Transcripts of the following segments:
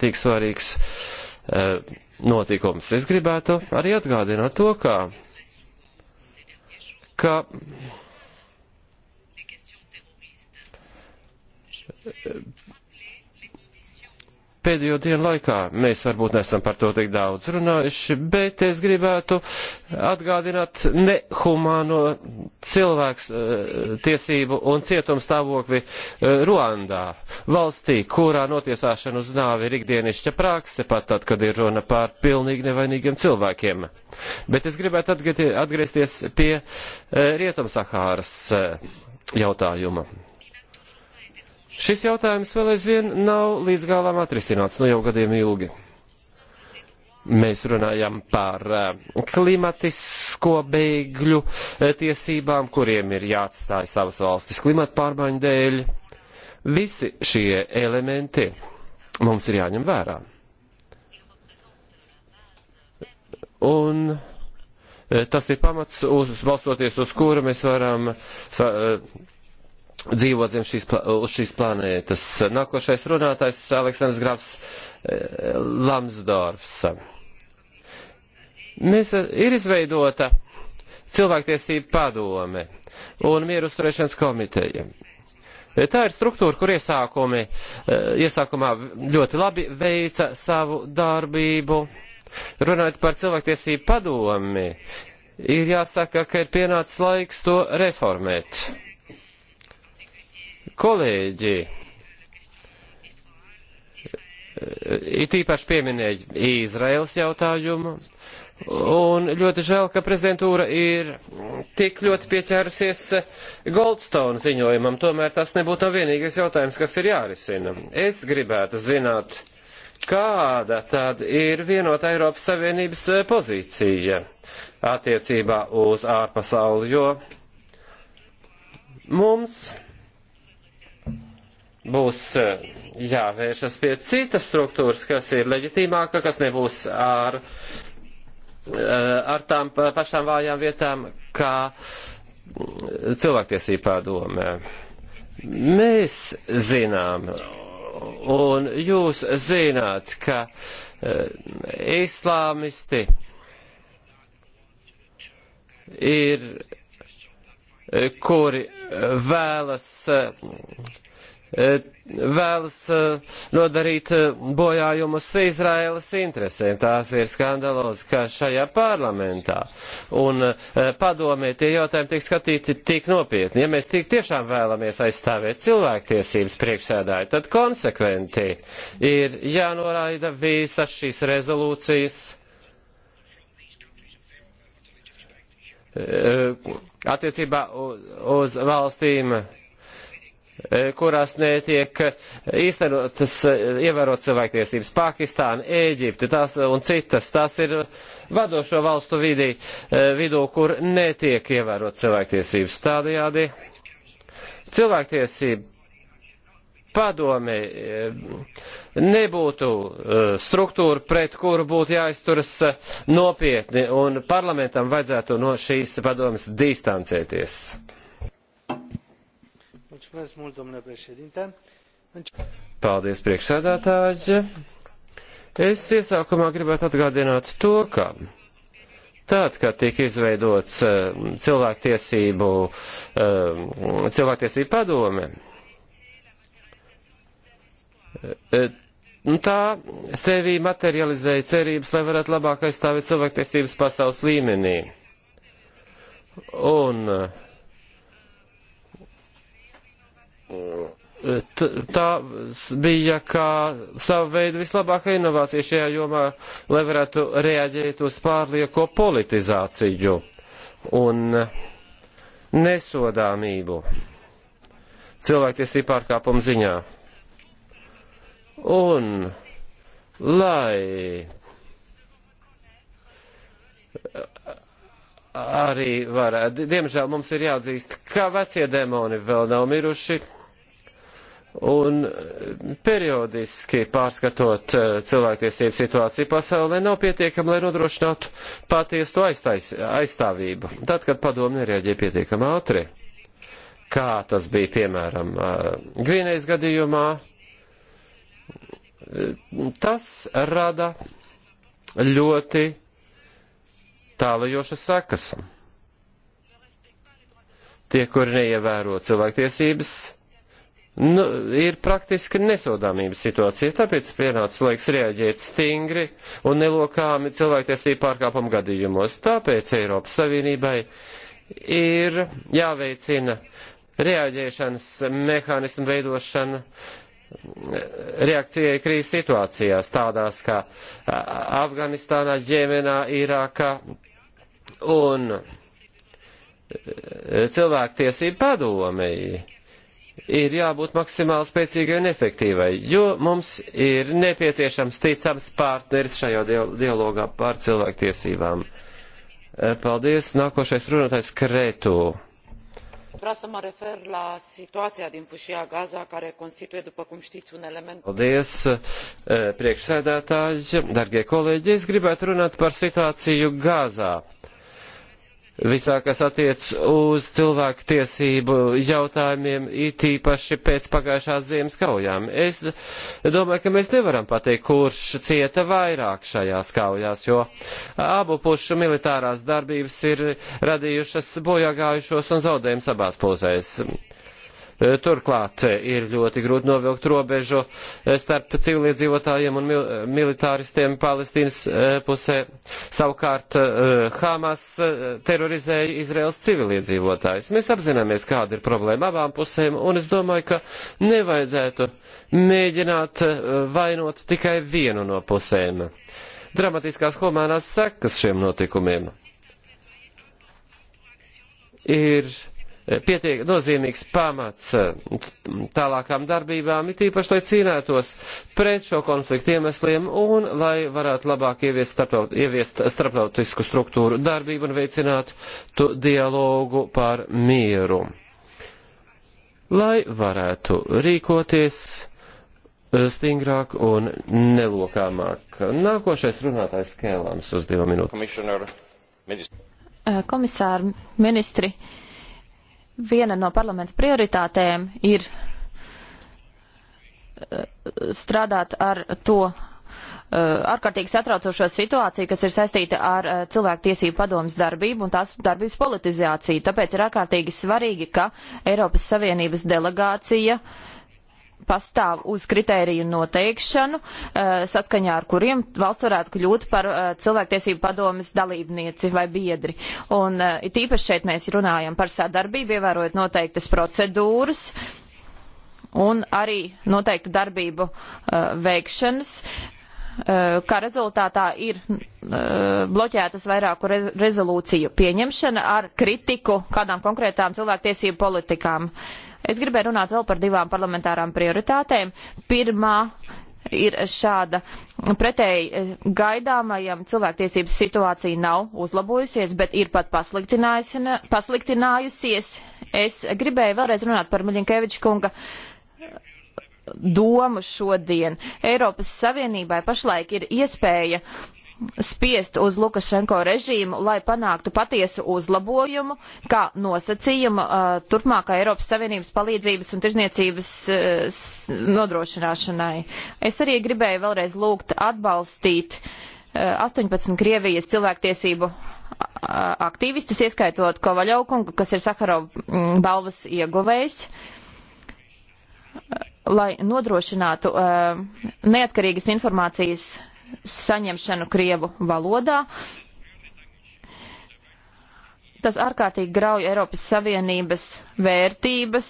tik svarīgs e, notikums. Es gribētu arī atgādināt to, ka, ka pēdējo dienu laikā. Mēs varbūt nesam par to tik daudz runājuši, bet es gribētu atgādināt nehumāno cilvēks eh, tiesību un cietumstāvokli eh, Ruandā, valstī, kurā notiesāšana uz nāvi ir ikdienišķa prakse, pat tad, kad ir runa pār pilnīgi nevainīgiem cilvēkiem. Bet es gribētu atgriezties pie eh, Rietumsahāras jautājuma. Šis jautājums vēl aizvien nav līdz galam atrisināts, nu jau gadiem ilgi. Mēs runājam par eh, klimatisko bēgļu eh, tiesībām, kuriem ir jāatstāj savas valstis klimata pārmaiņu dēļ. Visi šie elementi mums ir jāņem vērā. Un eh, tas ir pamats, uz, balstoties uz kura mēs varam sa, dzīvo zem šīs, uz šīs planētas. Nākošais runātājs Aleksandrs Grafs eh, Lamsdorfs. Mēs eh, ir izveidota cilvēktiesība padome un mieru uzturēšanas komiteja. Tā ir struktūra, kur iesākumi, eh, iesākumā ļoti labi veica savu darbību. Runājot par cilvēktiesību padomi, ir jāsaka, ka ir pienācis laiks to reformēt Kolēģi, it īpaši pieminēja Izraels jautājumu, un ļoti žēl, ka prezidentūra ir tik ļoti pieķērusies Goldstone ziņojumam, tomēr tas nebūtu nav vienīgais jautājums, kas ir jārisina. Es gribētu zināt, kāda tad ir vienota Eiropas Savienības pozīcija attiecībā uz ārpasauli, jo mums būs eh, jāvēršas pie citas struktūras, kas ir leģitīmāka, kas nebūs ar, eh, ar tām pašām vājām vietām, kā mm, cilvēktiesība padome. Mēs zinām, un jūs zināt, ka eh, islāmisti ir, kuri vēlas Eh, vēlas eh, nodarīt eh, bojājumus Izraēlas interesēm. Tās ir skandalozi, ka šajā parlamentā un padomē tie jautājumi tiek skatīti tik nopietni. Ja mēs tik tiešām vēlamies aizstāvēt cilvēktiesības priekšsēdāju, tad konsekventi ir jānoraida visas šīs rezolūcijas attiecībā uz valstīm E, kurās netiek e, īstenotas, e, ievērot cilvēktiesības. Pakistāna, Ēģipte tās un citas, tās ir vadošo valstu vidī, vidū, kur netiek ievērot cilvēktiesības. Tādējādi cilvēktiesība padome nebūtu struktūra, pret kuru būtu jāizturas nopietni, un parlamentam vajadzētu no šīs padomes distancēties. Paldies, priekšsēdētāji. Es iesākumā gribētu atgādināt to, ka tad, kad tika izveidots eh, cilvēktiesību, eh, cilvēktiesību padome, eh, tā sevī materializēja cerības, lai varētu labāk aizstāvēt cilvēktiesības pasaules līmenī. Un uh, tā bija kā sava veida vislabākā inovācija šajā jomā, lai varētu reaģēt uz pārlieko politizāciju un nesodāmību cilvēktiesību pārkāpumu ziņā. Un lai arī varētu, diemžēl mums ir jāatzīst, ka vecie demoni vēl nav miruši Un eh, periodiski pārskatot eh, cilvēktiesību situāciju pasaulē nav pietiekami, lai nodrošinātu patiesu aiztais, aizstāvību. Tad, kad padomi nereaģēja pietiekami ātri, kā tas bija piemēram eh, Gvinējas gadījumā, tas rada ļoti tālajošas sakas. Tie, kuri neievēro cilvēktiesības, nu, ir praktiski nesodāmības situācija, tāpēc pienācis laiks reaģēt stingri un nelokāmi cilvēktiesību pārkāpumu gadījumos. Tāpēc Eiropas Savienībai ir jāveicina reaģēšanas mehānismu veidošana reakcijai krīzes situācijās, tādās kā Afganistānā, Ģemenā, Irākā un e, cilvēktiesību padomēji ir jābūt maksimāli spēcīgai un efektīvai, jo mums ir nepieciešams ticams partneris šajā dialogā par cilvēktiesībām. Eh, paldies. Nākošais runātais Kretu. Vreau să mă refer la situația din fâșia Gaza, care constituie, după cum știți, un element... Paldies, eh, priekšsēdētāji, dargie kolēģi. Es gribētu runāt par situāciju Gazā visā, kas attiec uz cilvēku tiesību jautājumiem, it īpaši pēc pagājušās ziemas kaujām. Es domāju, ka mēs nevaram pateikt, kurš cieta vairāk šajās kaujās, jo abu pušu militārās darbības ir radījušas bojāgājušos un zaudējums abās pusēs. Eh, turklāt eh, ir ļoti grūti novilkt robežu eh, starp civiliedzīvotājiem un mil militāristiem Palestīnas pusē. Savukārt Hamas terorizēja Izraels civiliedzīvotājs. Mēs apzināmies, kāda ir problēma abām pusēm, un es domāju, ka nevajadzētu mēģināt vainot tikai vienu no pusēm. Dramatiskās humānās sekas šiem notikumiem ir Eh, pietiek nozīmīgs pamats eh, tālākām darbībām, it īpaši, lai cīnētos pret šo konfliktu iemesliem un lai varētu labāk ieviest, starptaut, ieviest starptautisku struktūru darbību un veicinātu dialogu par mieru. Lai varētu rīkoties eh, stingrāk un nelokāmāk. Nākošais runātājs Kēlāms uz divu minūtu. Komisāri, ministri, viena no parlamenta prioritātēm ir eh, strādāt ar to eh, ārkārtīgi satraucošo situāciju, kas ir saistīta ar eh, cilvēku tiesību padomas darbību un tās darbības politizāciju. Tāpēc ir ārkārtīgi svarīgi, ka Eiropas Savienības delegācija uh, pastāv uz kritēriju noteikšanu, eh, saskaņā ar kuriem valsts varētu kļūt par eh, cilvēktiesību padomas dalībnieci vai biedri. Un eh, it īpaši šeit mēs runājam par sadarbību, ievērojot noteiktas procedūras un arī noteiktu darbību veikšanas, kā rezultātā ir bloķētas vairāku rezolūciju pieņemšana ar kritiku kādām konkrētām cilvēktiesību politikām. Uh, Es gribēju runāt vēl par divām parlamentārām prioritātēm. Pirmā ir šāda. Pretēji e, gaidāmajam cilvēktiesības situācija nav uzlabojusies, bet ir pat pasliktinājusies. Es gribēju vēlreiz runāt par Maļinkeviča kunga domu šodien. Eiropas Savienībai pašlaik ir iespēja spiest uz Lukašenko režīmu, lai panāktu patiesu uzlabojumu, kā nosacījumu uh, turpmākā Eiropas Savienības palīdzības un tirzniecības uh, nodrošināšanai. Es arī gribēju vēlreiz lūgt atbalstīt uh, 18 Krievijas cilvēktiesību uh, aktīvistus, ieskaitot Kovaļaukungu, kas ir Sakarov mm, balvas ieguvējs uh, lai nodrošinātu uh, neatkarīgas informācijas saņemšanu Krievu valodā. Tas ārkārtīgi grauj Eiropas Savienības vērtības,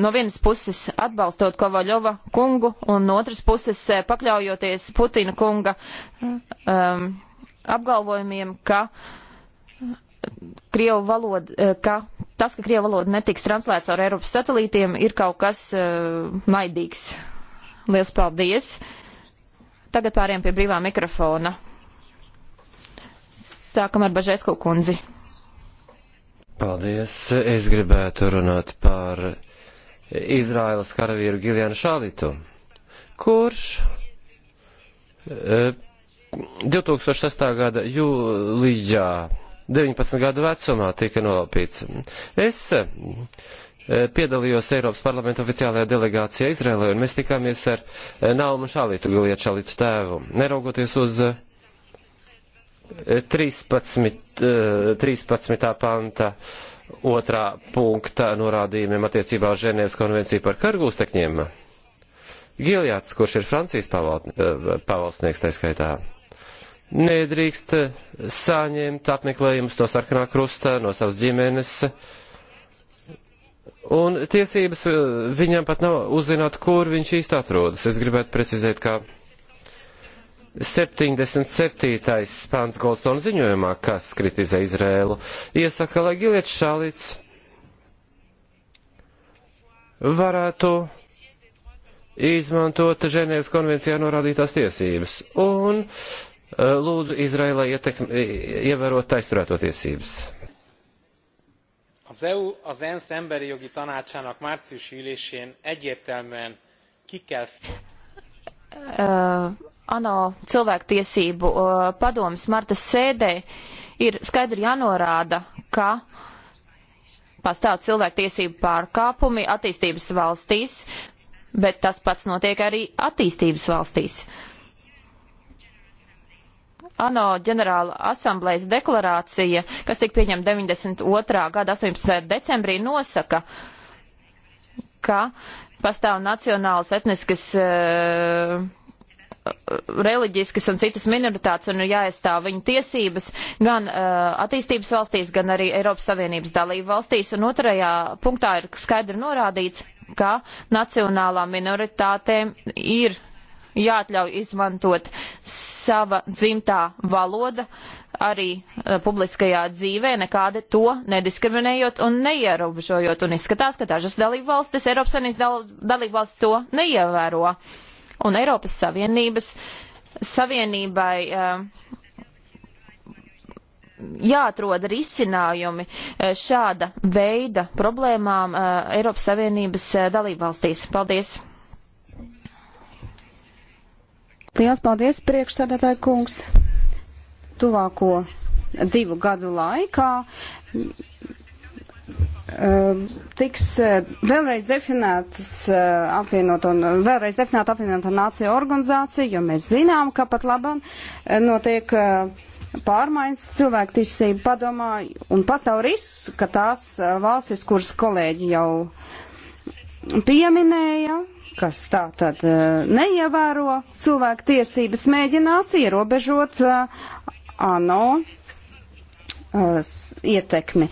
no vienas puses atbalstot Kovaļova kungu un no otras puses eh, pakļaujoties Putina kunga um, apgalvojumiem, ka, Krievu valoda, eh, ka tas, ka Krievu valoda netiks translēts ar Eiropas satelītiem, ir kaut kas uh, naidīgs. Liels paldies! Uh, Tagad pāriem pie brīvā mikrofona. Sākam ar Bažēsku kundzi. Paldies. Es gribētu runāt par Izraēlas karavīru Giljanu Šalitu, kurš 2006. E, gada jūlijā 19 gadu vecumā tika nolaupīts. Es Eh, piedalījos Eiropas parlamenta oficiālajā delegācijā Izrēlē, un mēs tikāmies ar eh, Naumu Šalītu, Giliet Šalītu tēvu. Neraugoties uz 13, eh, 13. panta otrā punkta norādījumiem attiecībā uz Ženēvas konvenciju par kargūstekņiem. Giljāts, kurš ir Francijas pavalsnieks taiskaitā, nedrīkst saņemt apmeklējumus no sarkanā krusta, no savas ģimenes, uh, Un tiesības eh, viņam pat nav uzzināt, kur viņš īsti atrodas. Es gribētu precizēt, ka 77. pāns Goldstone ziņojumā, kas kritizē Izrēlu, iesaka, lai Giliets Šalits varētu izmantot Ženēvas konvencijā norādītās tiesības. Un eh, lūdzu Izrēlai ietekmi, ievērot taisturēto tiesības az eu az ensz emberijogi tanácsának márciusi ülésén egyértelműen ki kell uh, ANO cilvēktiesību uh, padomas marta sēdē ir skaidri jānorāda, ka pastāv cilvēktiesību pārkāpumi attīstības valstīs, bet tas pats notiek arī attīstības valstīs. Uh, ANO ģenerāla asamblejas deklarācija, kas tika pieņemta 92. gada 18. decembrī, nosaka, ka pastāv nacionāls etniskas uh, reliģiskas un citas minoritātes un ir jāaizstāv viņu tiesības gan uh, attīstības valstīs, gan arī Eiropas Savienības dalību valstīs. Un otrajā punktā ir skaidri norādīts, ka nacionālām minoritātēm ir jāatļauj izmantot sava dzimtā valoda arī uh, publiskajā dzīvē, nekādi to nediskriminējot un neierobežojot. Un izskatās, ka dažas dalību valstis, Eiropas Savienības dalību valstis to neievēro. Un Eiropas Savienības Savienībai uh, jāatrod risinājumi eh, šāda veida problēmām Eiropas Savienības dalībvalstīs. Paldies! Liels paldies, priekšsēdētāji kungs. Tuvāko divu gadu laikā eh, tiks eh, vēlreiz definētas eh, apvienoto, vēlreiz definēta apvienoto nāciju organizācija, jo mēs zinām, ka pat labam notiek pārmaiņas cilvēktiesību padomā un pastāv risks, ka tās valstis, kuras kolēģi jau pieminēja, kas tā tad eh, neievēro cilvēku tiesības, mēģinās ierobežot eh, ANO eh, ietekmi.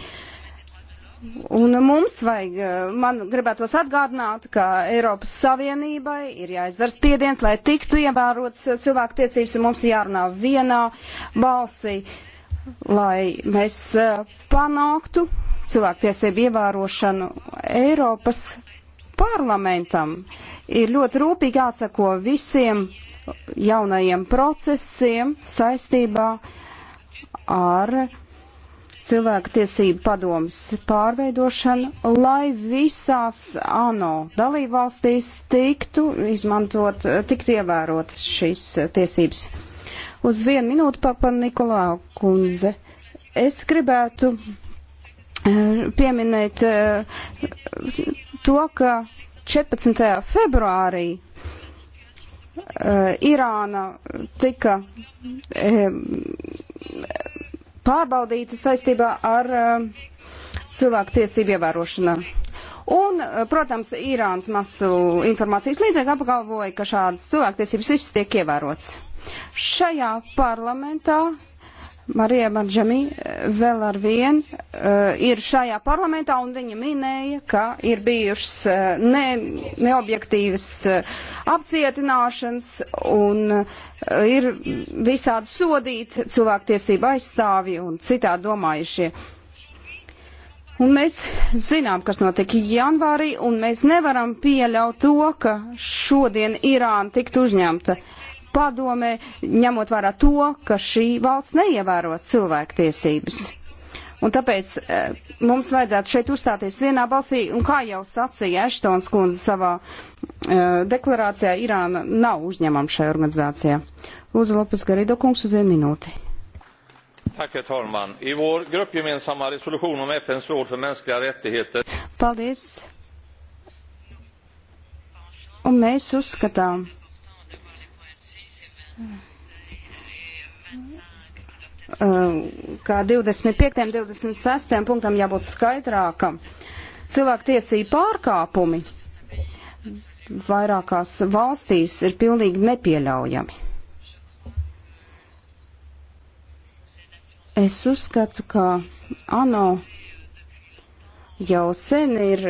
Un mums vajag, man gribētos atgādināt, ka Eiropas Savienībai ir jāizdara spiediens, lai tiktu ievērots cilvēku tiesības, un mums jārunā vienā balsī, lai mēs panāktu cilvēku tiesību ievērošanu Eiropas parlamentam ir ļoti rūpīgi jāsako visiem jaunajiem procesiem saistībā ar cilvēku tiesību padomus pārveidošanu, lai visās ANO dalībvalstīs tiktu izmantot, tikt ievērotas šīs tiesības. Uz vienu minūtu, papa Nikolā kundze, es gribētu pieminēt eh, to, ka 14. februārī eh, Irāna tika eh, pārbaudīta saistībā ar cilvēku tiesību ievērošanu. Un, protams, Irānas masu informācijas līdzekļi apgalvoja, ka šādas cilvēktiesības viss tiek ievērots. Šajā parlamentā Marija Marģamī eh, vēl ar vien uh, ir šajā parlamentā, un viņa minēja, ka ir bijušas uh, ne, neobjektīvas uh, apcietināšanas un uh, ir visādi sodīti cilvēktiesība aizstāvji un citādi domājušie. Un mēs zinām, kas notika janvārī, un mēs nevaram pieļaut to, ka šodien Irāna tiktu uzņemta uh, padomē, ņemot vērā to, ka šī valsts neievēro cilvēktiesības. Un tāpēc e, mums vajadzētu šeit uzstāties vienā balsī, un kā jau sacīja Eštons kundze savā e, deklarācijā, Irāna nav uzņemama šajā organizācijā. Lūdzu, Lopes Garido kungs uz vienu minūti. Herr talman! I vår gruppgemensamma resolution om FNs råd för mänskliga rättigheter. Paldies. Un mēs uzskatām, kā 25. un 26. punktam jābūt skaidrākam. Cilvēku tiesību pārkāpumi vairākās valstīs ir pilnīgi nepieļaujami. Es uzskatu, ka ANO jau sen ir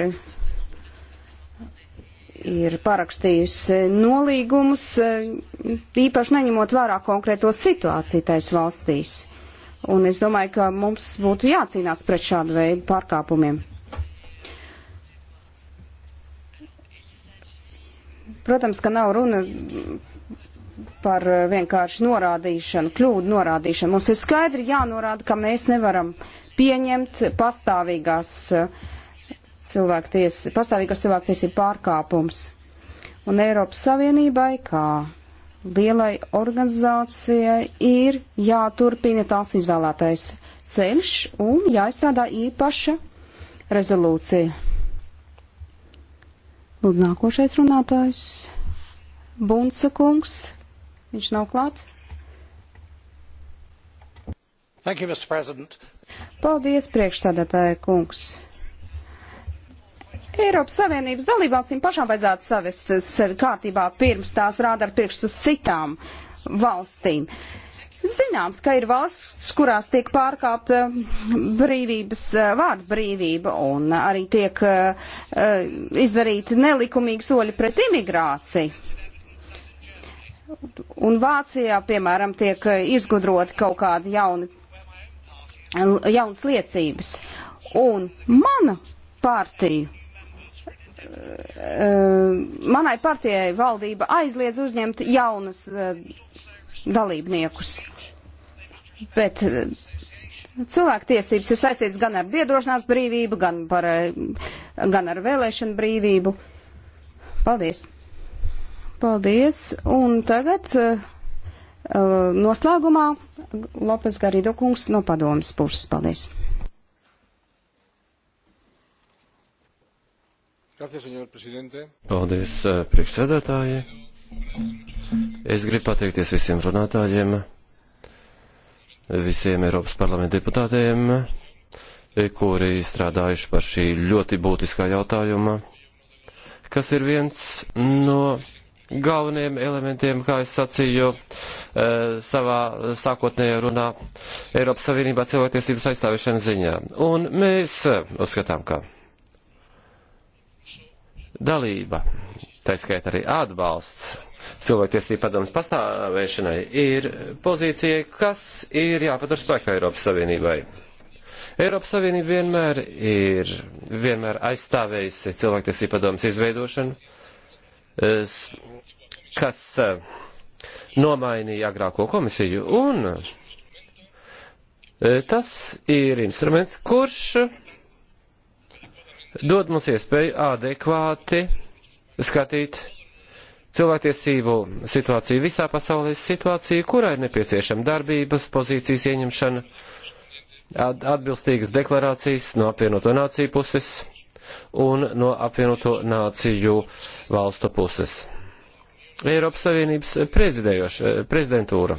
ir parakstījusi nolīgumus, eh, īpaši neņemot vērā konkrēto situāciju tais valstīs. Un es domāju, ka mums būtu jācīnās pret šādu veidu pārkāpumiem. Protams, ka nav runa par vienkārši norādīšanu, kļūdu norādīšanu. Mums ir skaidri jānorāda, ka mēs nevaram pieņemt pastāvīgās uh, cilvēkties, pastāvīgas cilvēktiesību pārkāpums. Un Eiropas Savienībai, kā lielai organizācijai, ir jāturpina tās izvēlētais ceļš un jāizstrādā īpaša rezolūcija. Lūdzu, nākošais runātājs. Bunsa kungs. Viņš nav klāt. Thank you, Mr. President. Paldies, priekšstādātāja kungs. Eiropas Savienības dalībvalstīm pašām vajadzētu savest sevi kārtībā pirms tās rāda ar pirkstu uz citām valstīm. Zināms, ka ir valsts, kurās tiek pārkāpta brīvības, eh, vārda brīvība un arī tiek uh, izdarīti nelikumīgi soļi pret imigrāciju. Un Vācijā, piemēram, tiek izgudroti kaut kādi jauni, jaunas liecības. Un mana partija Eh, manai partijai valdība aizliedz uzņemt jaunus eh, dalībniekus. Bet eh, cilvēktiesības ir saistītas gan ar biedrošanās brīvību, gan, par, gan ar vēlēšanu brīvību. Paldies! Paldies! Un tagad uh, noslēgumā Lopes Garido kungs no padomas puses. Paldies! Paldies, eh, priekšsēdētāji. Es gribu pateikties visiem runātājiem, visiem Eiropas parlamenta deputātiem, eh, kuri strādājuši par šī ļoti būtiskā jautājuma, kas ir viens no galvenajiem elementiem, kā es sacīju eh, savā sākotnējā runā Eiropas Savienībā cilvēktiesības aizstāvišana ziņā. Un mēs uzskatām, ka dalība, taiskait arī atbalsts cilvēktiesību padomas pastāvēšanai, ir pozīcija, kas ir jāpatur spēkā Eiropas Savienībai. Eiropas Savienība vienmēr ir vienmēr aizstāvējusi cilvēktiesību padomas izveidošanu, kas eh, nomainīja agrāko komisiju, un eh, tas ir instruments, kurš dod mums iespēju adekvāti skatīt cilvēktiesību situāciju visā pasaulē, situāciju, kurā ir nepieciešama darbības, pozīcijas ieņemšana, atbilstīgas deklarācijas no apvienoto nāciju puses un no apvienoto nāciju valstu puses. Eiropas Savienības prezidentūra.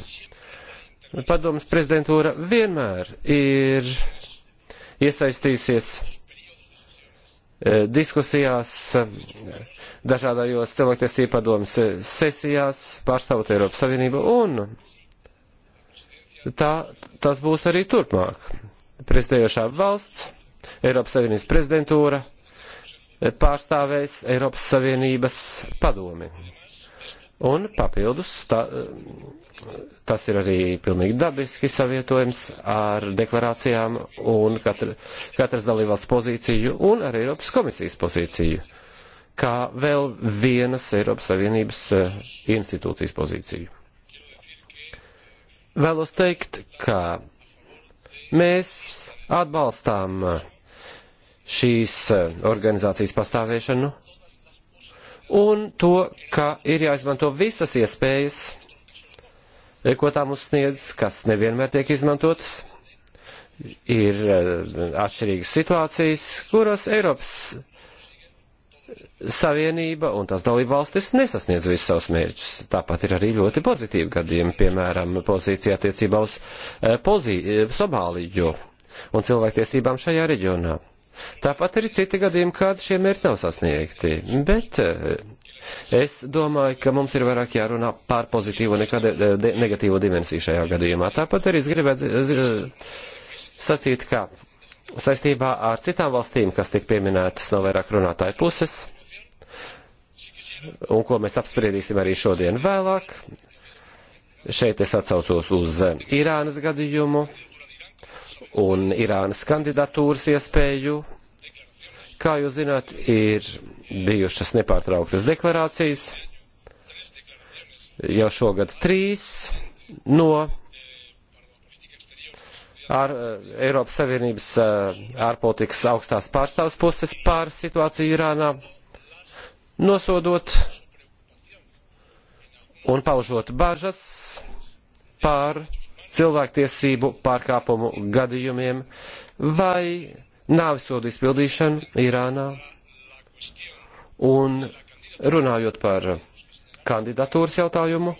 Padomas prezidentūra vienmēr ir iesaistījusies Eh, diskusijās, eh, dažādajos cilvēktiesību padomas eh, sesijās, pārstāvot Eiropas Savienību, un tā, tas būs arī turpmāk. Prezidējošā valsts, Eiropas Savienības prezidentūra pārstāvēs Eiropas Savienības padomi. Un papildus ta, tas ir arī pilnīgi dabiski savietojams ar deklarācijām un katra, katras dalībvalsts pozīciju un arī Eiropas komisijas pozīciju, kā vēl vienas Eiropas Savienības eh, institūcijas pozīciju. Vēlos teikt, ka mēs atbalstām eh, šīs eh, organizācijas pastāvēšanu un to, ka ir jāizmanto visas iespējas, eh, ko tām uzsniedz, kas nevienmēr tiek izmantotas. Ir eh, atšķirīgas situācijas, kuras Eiropas Savienība un tās dalībvalstis nesasniedz visus savus mērķus. Tāpat ir arī ļoti pozitīvi gadījumi, piemēram, pozīcija attiecībā uz eh, pozī, Somāliju un cilvēktiesībām šajā reģionā. Tāpat ir citi gadījumi, kad šie mērķi nav sasniegti. Bet eh, es domāju, ka mums ir vairāk jārunā par pozitīvo nekā de, de, negatīvo dimensiju šajā gadījumā. Tāpat arī es gribētu eh, eh, sacīt, ka saistībā ar citām valstīm, kas tik pieminētas no vairāk runātāju puses, un ko mēs apspriedīsim arī šodien vēlāk, šeit es atsaucos uz Irānas gadījumu un Irānas kandidatūras iespēju. Kā jūs zināt, ir bijušas nepārtrauktas deklarācijas, jau šogad trīs no ar Eiropas Savienības eh, ārpolitikas augstās pārstāvs puses pār situāciju Irānā, nosodot un paužot bažas pār cilvēktiesību pārkāpumu gadījumiem vai nāvisodu izpildīšanu Irānā. Un runājot par kandidatūras jautājumu,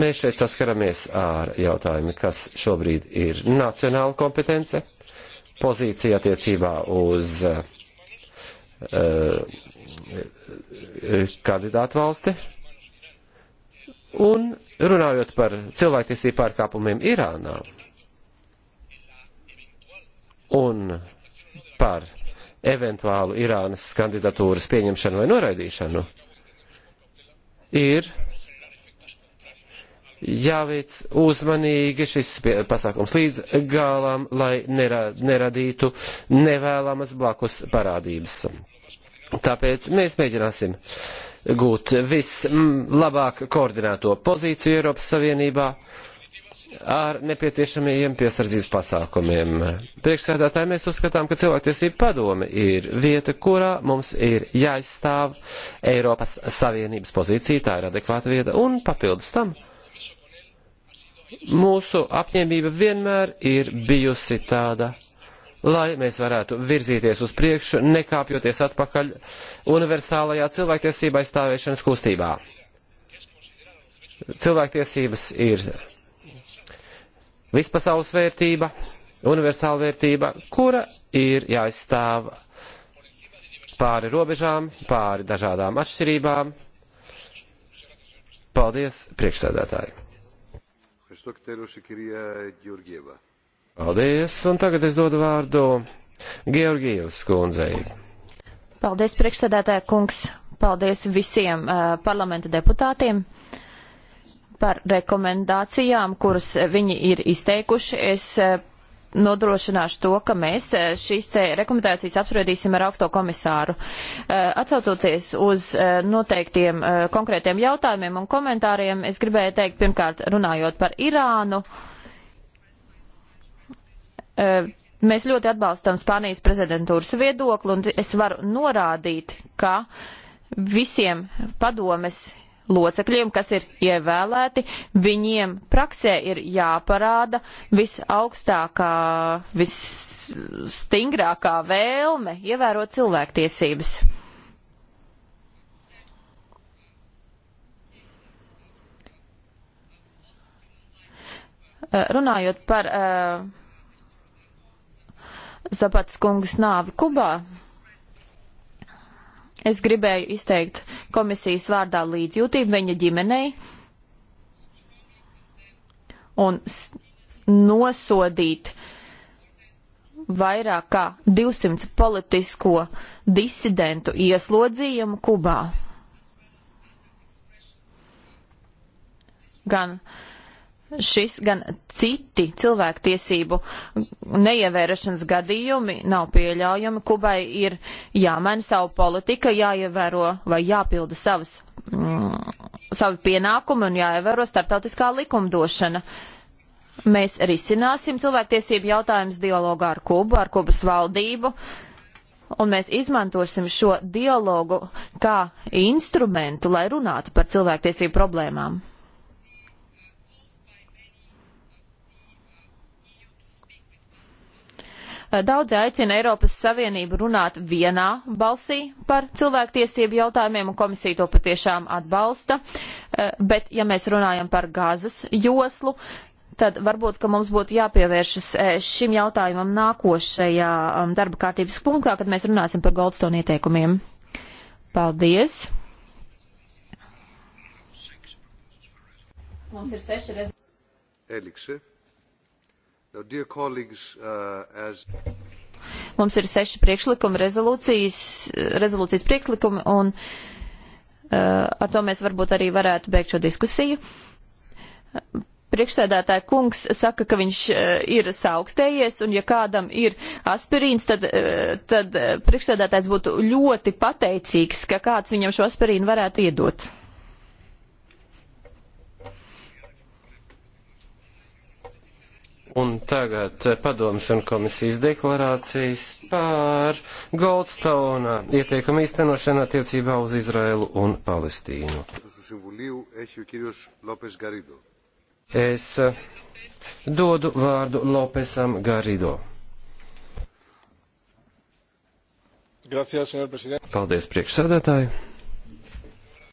mēs šeit saskaramies ar jautājumu, kas šobrīd ir nacionāla kompetence, pozīcija attiecībā uz uh, kandidātu valsti, Un runājot par cilvēktiesību pārkāpumiem Irānā un par eventuālu Irānas kandidatūras pieņemšanu vai noraidīšanu, ir jāveic uzmanīgi šis pasākums līdz galam, lai nerad, neradītu nevēlamas blakus parādības. Tāpēc mēs mēģināsim gūt vislabāk koordinēto pozīciju Eiropas Savienībā ar nepieciešamajiem piesardzības pasākumiem. Priekšsēdētāji mēs uzskatām, ka cilvēktiesība padome ir vieta, kurā mums ir jāizstāv Eiropas Savienības pozīcija, tā ir adekvāta vieta, un papildus tam mūsu apņēmība vienmēr ir bijusi tāda lai mēs varētu virzīties uz priekšu, nekāpjoties atpakaļ universālajā cilvēktiesība aizstāvēšanas kustībā. Cilvēktiesības ir vispasaules vērtība, universāla vērtība, kura ir jāizstāv pāri robežām, pāri dažādām atšķirībām. Paldies, priekšsēdētāji! Ευχαριστώ και τέλος η κυρία Γεωργίευα. Paldies, un tagad es dodu vārdu Georgijus kundzei. Paldies, priekšsēdētāja kungs. Paldies visiem uh, parlamenta deputātiem par rekomendācijām, kuras viņi ir izteikuši. Es uh, nodrošināšu to, ka mēs uh, šīs te rekomendācijas apspriedīsim ar augsto komisāru. Uh, Atcaucoties uz uh, noteiktiem konkrētiem jautājumiem un komentāriem, es gribēju teikt, pirmkārt, runājot par Irānu. Uh, Eh, mēs ļoti atbalstam Spānijas prezidentūras viedokli, un es varu norādīt, ka visiem padomes locekļiem, kas ir ievēlēti, viņiem praksē ir jāparāda visaugstākā, visstingrākā vēlme ievērot cilvēktiesības. Eh, runājot par uh, Zabatas kungas nāvi Kubā. Es gribēju izteikt komisijas vārdā līdzjūtību viņa ģimenei un nosodīt vairāk kā 200 politisko disidentu ieslodzījumu Kubā. Gan uh, šis gan citi cilvēktiesību neievērošanas gadījumi nav pieļaujami. Kubai ir jāmaina savu politika, jāievēro vai jāpilda savas, mm, savi pienākumi un jāievēro starptautiskā likumdošana. Mēs risināsim cilvēktiesību jautājumus dialogā ar Kubu, ar Kubas valdību, un mēs izmantosim šo dialogu kā instrumentu, lai runātu par cilvēktiesību problēmām. Daudzi aicina Eiropas Savienību runāt vienā balsī par cilvēktiesību jautājumiem, un komisija to patiešām atbalsta. Eh, bet, ja mēs runājam par gazas joslu, tad varbūt, ka mums būtu jāpievēršas eh, šim jautājumam nākošajā um, darba kārtības punktā, kad mēs runāsim par Goldstone ieteikumiem. Paldies! Mums ir seši rezultāti. Έληξε. Uh, Mums ir seši priekšlikumi, rezolūcijas, rezolūcijas priekšlikumi, un uh, ar to mēs varbūt arī varētu beigt šo diskusiju. Priekšsēdētāja kungs saka, ka viņš uh, ir saaugstējies, un ja kādam ir aspirīns, tad, uh, tad uh, priekšsēdētājs būtu ļoti pateicīgs, ka kāds viņam šo aspirīnu varētu iedot. Un tagad eh, padomas un komisijas deklarācijas pār Goldstone ieteikumu īstenošanu attiecībā uz Izraelu un Palestīnu. Es eh, dodu vārdu Lopesam Garido. Gracias, Paldies, priekšsēdētāji!